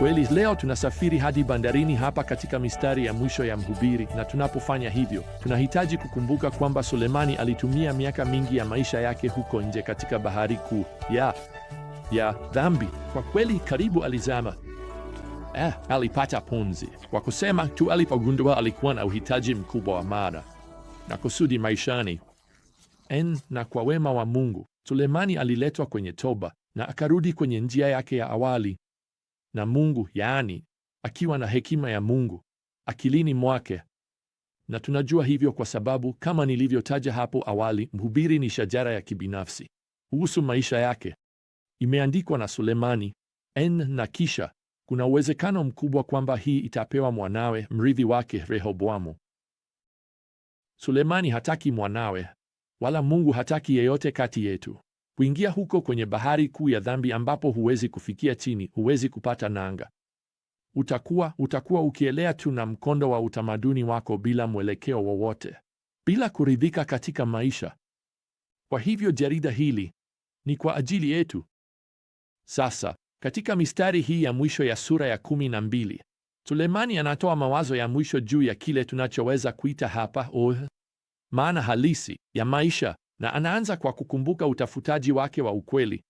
kweli. Leo tunasafiri hadi bandarini hapa katika mistari ya mwisho ya Mhubiri, na tunapofanya hivyo, tunahitaji kukumbuka kwamba Sulemani alitumia miaka mingi ya maisha yake huko nje katika bahari kuu ya ya dhambi. Kwa kweli, karibu alizama. Eh, alipata punzi kwa kusema tu alipogundua alikuwa na uhitaji mkubwa wa mara na kusudi maishani. En, na kwa wema wa Mungu Sulemani aliletwa kwenye toba na akarudi kwenye njia yake ya awali na Mungu, yaani akiwa na hekima ya Mungu akilini mwake. Na tunajua hivyo kwa sababu kama nilivyotaja hapo awali, mhubiri ni shajara ya kibinafsi kuhusu maisha yake. Imeandikwa na Sulemani n na kisha kuna uwezekano mkubwa kwamba hii itapewa mwanawe, mrithi wake Rehoboamu. Sulemani hataki mwanawe wala Mungu hataki yeyote kati yetu kuingia huko kwenye bahari kuu ya dhambi ambapo huwezi kufikia chini, huwezi kupata nanga. Utakuwa utakuwa ukielea tu na mkondo wa utamaduni wako bila mwelekeo wowote, bila kuridhika katika maisha. Kwa hivyo jarida hili ni kwa ajili yetu. Sasa katika mistari hii ya mwisho ya sura ya kumi na mbili Sulemani anatoa mawazo ya mwisho juu ya kile tunachoweza kuita hapa oh, maana halisi ya maisha na anaanza kwa kukumbuka utafutaji wake wa ukweli.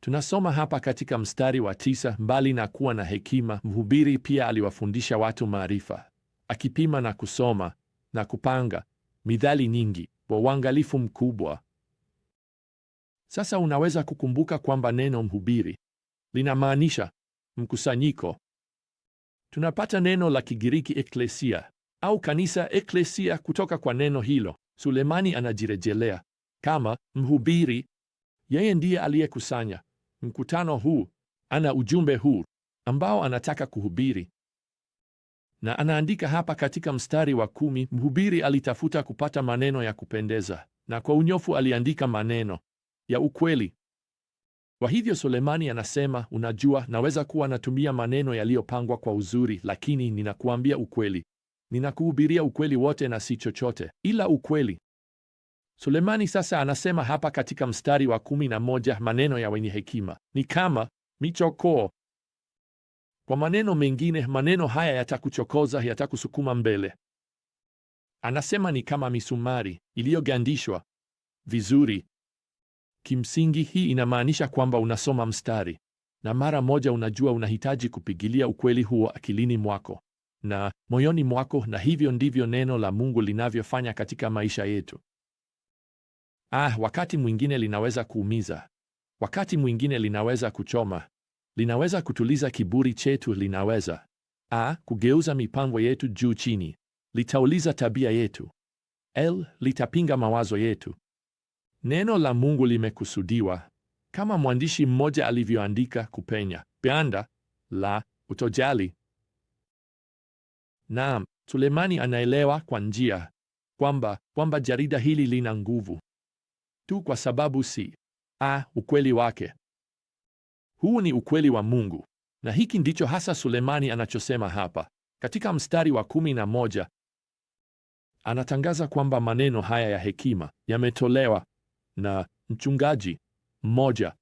Tunasoma hapa katika mstari wa tisa, mbali na kuwa na hekima, mhubiri pia aliwafundisha watu maarifa, akipima na kusoma na kupanga midhali nyingi kwa uangalifu mkubwa. Sasa unaweza kukumbuka kwamba neno mhubiri linamaanisha mkusanyiko. Tunapata neno la Kigiriki eklesia au kanisa, eklesia kutoka kwa neno hilo. Sulemani anajirejelea kama mhubiri. Yeye ndiye aliyekusanya mkutano huu, ana ujumbe huu ambao anataka kuhubiri, na anaandika hapa katika mstari wa kumi: mhubiri alitafuta kupata maneno ya kupendeza, na kwa unyofu aliandika maneno ya ukweli. Kwa hivyo Sulemani anasema, unajua, naweza kuwa natumia maneno yaliyopangwa kwa uzuri, lakini ninakuambia ukweli, Ninakuhubiria ukweli wote na si chochote ila ukweli. Sulemani sasa anasema hapa katika mstari wa kumi na moja maneno ya wenye hekima ni kama michokoo. Kwa maneno mengine, maneno haya yatakuchokoza, yatakusukuma mbele. Anasema ni kama misumari iliyogandishwa vizuri. Kimsingi, hii inamaanisha kwamba unasoma mstari na mara moja unajua unahitaji kupigilia ukweli huo akilini mwako na moyoni mwako, na hivyo ndivyo neno la Mungu linavyofanya katika maisha yetu. Ah, wakati mwingine linaweza kuumiza, wakati mwingine linaweza kuchoma, linaweza kutuliza kiburi chetu, linaweza ah, kugeuza mipango yetu juu chini, litauliza tabia yetu, l litapinga mawazo yetu. Neno la Mungu limekusudiwa kama mwandishi mmoja alivyoandika kupenya ganda la utojali Naam, Sulemani anaelewa kwa njia kwamba kwamba jarida hili lina nguvu tu kwa sababu si a ukweli wake. Huu ni ukweli wa Mungu, na hiki ndicho hasa Sulemani anachosema hapa katika mstari wa kumi na moja. Anatangaza kwamba maneno haya ya hekima yametolewa na mchungaji mmoja.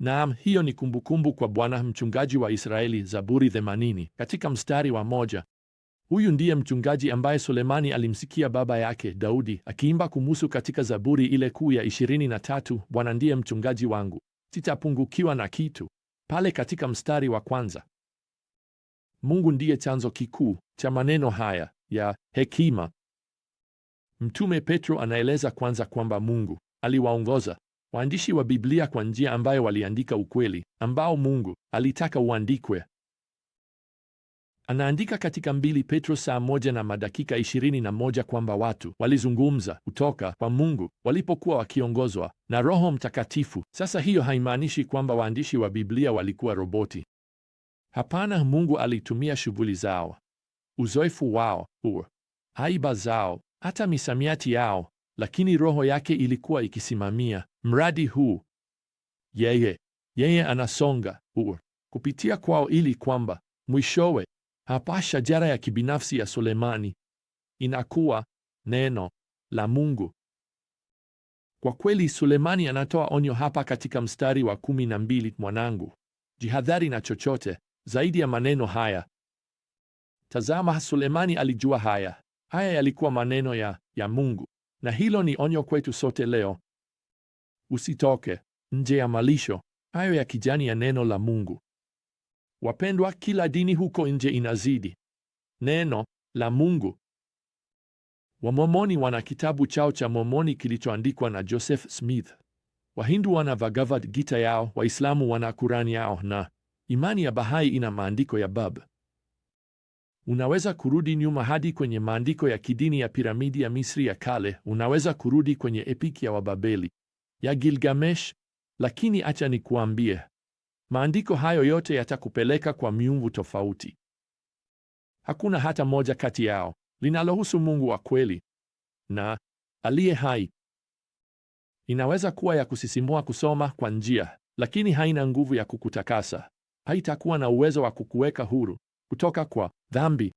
Naam, hiyo ni kumbukumbu kwa Bwana mchungaji wa Israeli, Zaburi 80 katika mstari wa moja. Huyu ndiye mchungaji ambaye Sulemani alimsikia baba yake Daudi akiimba kumusu katika Zaburi ile kuu ya 23, Bwana ndiye mchungaji wangu, sitapungukiwa na kitu, pale katika mstari wa kwanza. Mungu ndiye chanzo kikuu cha maneno haya ya hekima. Mtume Petro anaeleza kwanza kwamba Mungu aliwaongoza waandishi wa Biblia kwa njia ambayo waliandika ukweli ambao Mungu alitaka uandikwe. Anaandika katika mbili Petro saa moja na madakika ishirini na moja kwamba watu walizungumza kutoka kwa Mungu walipokuwa wakiongozwa na Roho Mtakatifu. Sasa hiyo haimaanishi kwamba waandishi wa Biblia walikuwa roboti. Hapana, Mungu alitumia shughuli zao, uzoefu wao, huo aiba zao, hata misamiati yao, lakini roho yake ilikuwa ikisimamia mradi huu. Yeye yeye anasonga huo kupitia kwao ili kwamba mwishowe hapa shajara ya kibinafsi ya Sulemani inakuwa neno la Mungu. Kwa kweli, Sulemani anatoa onyo hapa katika mstari wa kumi na mbili: mwanangu, jihadhari na chochote zaidi ya maneno haya. Tazama, Sulemani alijua haya. Haya yalikuwa maneno ya ya Mungu, na hilo ni onyo kwetu sote leo. Usitoke nje ya malisho hayo ya kijani ya neno la Mungu. Wapendwa, kila dini huko nje inazidi neno la Mungu. Wamomoni wana kitabu chao cha momoni kilichoandikwa na Joseph Smith. Wahindu wana Bhagavad Gita yao, Waislamu wana Kurani yao, na imani ya Bahai ina maandiko ya Bab. Unaweza kurudi nyuma hadi kwenye maandiko ya kidini ya piramidi ya Misri ya kale. Unaweza kurudi kwenye epiki ya Wababeli ya Gilgamesh. Lakini acha nikuambie, Maandiko hayo yote yatakupeleka kwa miungu tofauti. Hakuna hata moja kati yao linalohusu Mungu wa kweli na aliye hai. Inaweza kuwa ya kusisimua kusoma kwa njia, lakini haina nguvu ya kukutakasa. Haitakuwa na uwezo wa kukuweka huru kutoka kwa dhambi.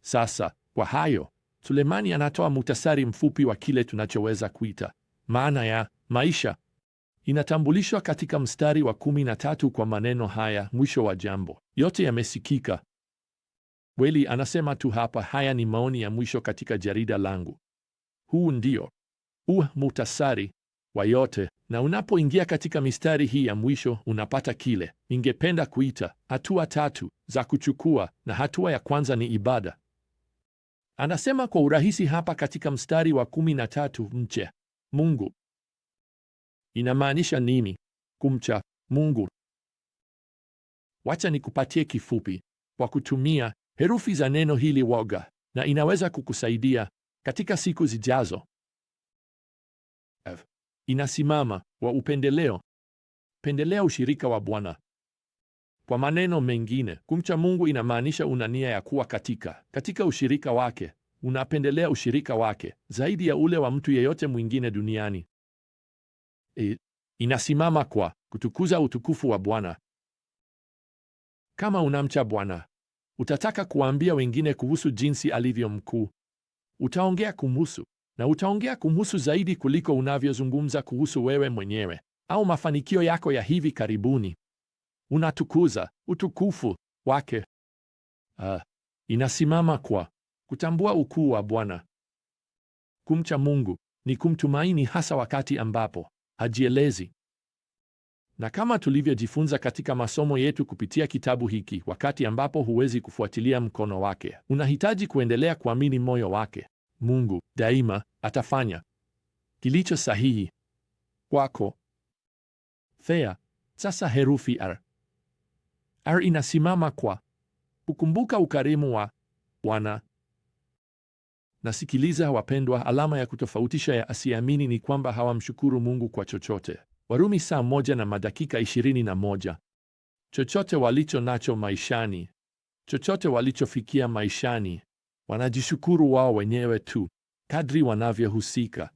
Sasa kwa hayo, Sulemani anatoa muhtasari mfupi wa kile tunachoweza kuita maana ya maisha inatambulishwa katika mstari wa kumi na tatu kwa maneno haya, mwisho wa jambo yote yamesikika. Weli anasema tu hapa, haya ni maoni ya mwisho katika jarida langu. Huu ndio u uh, muhtasari wa yote, na unapoingia katika mistari hii ya mwisho unapata kile ningependa kuita hatua tatu za kuchukua, na hatua ya kwanza ni ibada. Anasema kwa urahisi hapa katika mstari wa kumi na tatu, mche Mungu inamaanisha nini kumcha Mungu? Wacha nikupatie kifupi kwa kutumia herufi za neno hili woga, na inaweza kukusaidia katika siku zijazo. F inasimama wa upendeleo, pendelea ushirika wa Bwana. Kwa maneno mengine, kumcha Mungu inamaanisha una nia ya kuwa katika katika ushirika wake, unapendelea ushirika wake zaidi ya ule wa mtu yeyote mwingine duniani inasimama kwa kutukuza utukufu wa Bwana. Kama unamcha Bwana, utataka kuwaambia wengine kuhusu jinsi alivyo mkuu. Utaongea kumhusu na utaongea kumhusu zaidi kuliko unavyozungumza kuhusu wewe mwenyewe au mafanikio yako ya hivi karibuni. Unatukuza utukufu wake. Uh, inasimama kwa kutambua ukuu wa Bwana. Kumcha Mungu ni kumtumaini hasa wakati ambapo hajielezi. Na kama tulivyojifunza katika masomo yetu kupitia kitabu hiki, wakati ambapo huwezi kufuatilia mkono wake, unahitaji kuendelea kuamini moyo wake. Mungu daima atafanya kilicho sahihi kwako. Thea, sasa herufi R. R inasimama kwa kukumbuka ukarimu wa Bwana. Nasikiliza wapendwa, alama ya kutofautisha ya asiamini ni kwamba hawamshukuru Mungu kwa chochote. Warumi saa moja na madakika ishirini na moja. Chochote walicho nacho maishani, chochote walichofikia maishani, wanajishukuru wao wenyewe tu kadri wanavyohusika.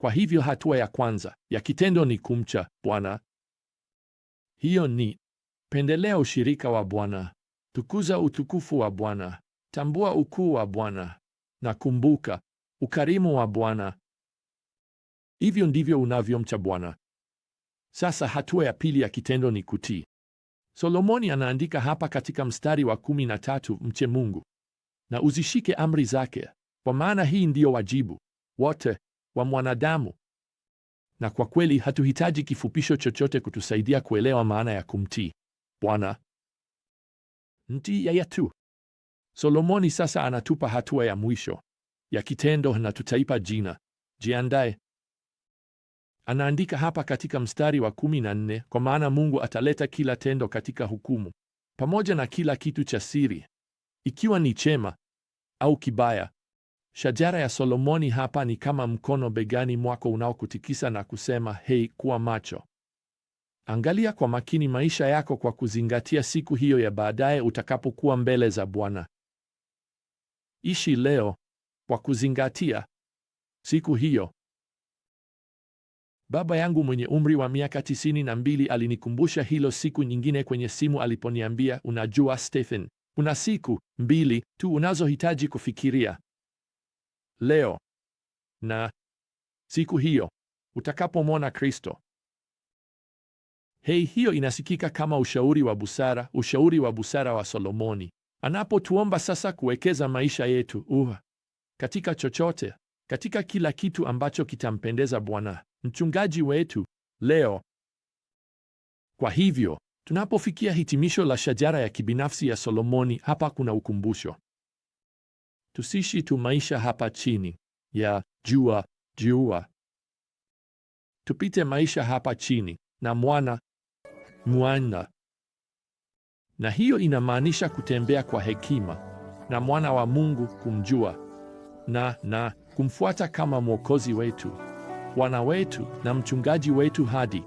Kwa hivyo hatua ya kwanza ya kitendo ni kumcha Bwana. Hiyo ni pendelea ushirika wa Bwana, tukuza utukufu wa Bwana Tambua ukuu wa Bwana na kumbuka ukarimu wa Bwana. Hivyo ndivyo unavyomcha Bwana. Sasa hatua ya pili ya kitendo ni kutii. Solomoni anaandika hapa katika mstari wa kumi na tatu, mche Mungu na uzishike amri zake, kwa maana hii ndiyo wajibu wote wa mwanadamu. Na kwa kweli hatuhitaji kifupisho chochote kutusaidia kuelewa maana ya kumtii Bwana. Ntii yeye tu Solomoni sasa anatupa hatua ya mwisho ya kitendo na tutaipa jina jiandae. Anaandika hapa katika mstari wa 14, kwa maana Mungu ataleta kila tendo katika hukumu pamoja na kila kitu cha siri, ikiwa ni chema au kibaya. Shajara ya Solomoni hapa ni kama mkono begani mwako unaokutikisa na kusema, hei, kuwa macho, angalia kwa makini maisha yako, kwa kuzingatia siku hiyo ya baadaye utakapokuwa mbele za Bwana. Ishi leo kwa kuzingatia siku hiyo. Baba yangu mwenye umri wa miaka tisini na mbili alinikumbusha hilo siku nyingine kwenye simu aliponiambia, unajua Stephen, kuna siku mbili tu unazohitaji kufikiria leo na siku hiyo utakapomwona Kristo. Hei, hiyo inasikika kama ushauri wa busara, ushauri wa busara wa Solomoni anapotuomba sasa kuwekeza maisha yetu uh, katika chochote, katika kila kitu ambacho kitampendeza Bwana mchungaji wetu leo. Kwa hivyo tunapofikia hitimisho la shajara ya kibinafsi ya Solomoni, hapa kuna ukumbusho: tusishi tu maisha hapa chini ya jua jua, tupite maisha hapa chini na mwana mwana na hiyo inamaanisha kutembea kwa hekima na mwana wa Mungu, kumjua na na kumfuata kama mwokozi wetu, Bwana wetu na mchungaji wetu, hadi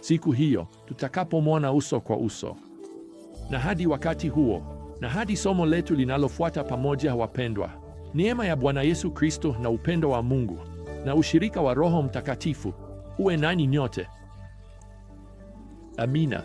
siku hiyo tutakapomwona uso kwa uso. Na hadi wakati huo na hadi somo letu linalofuata pamoja, wapendwa, neema ya Bwana Yesu Kristo na upendo wa Mungu na ushirika wa Roho Mtakatifu uwe nani nyote. Amina.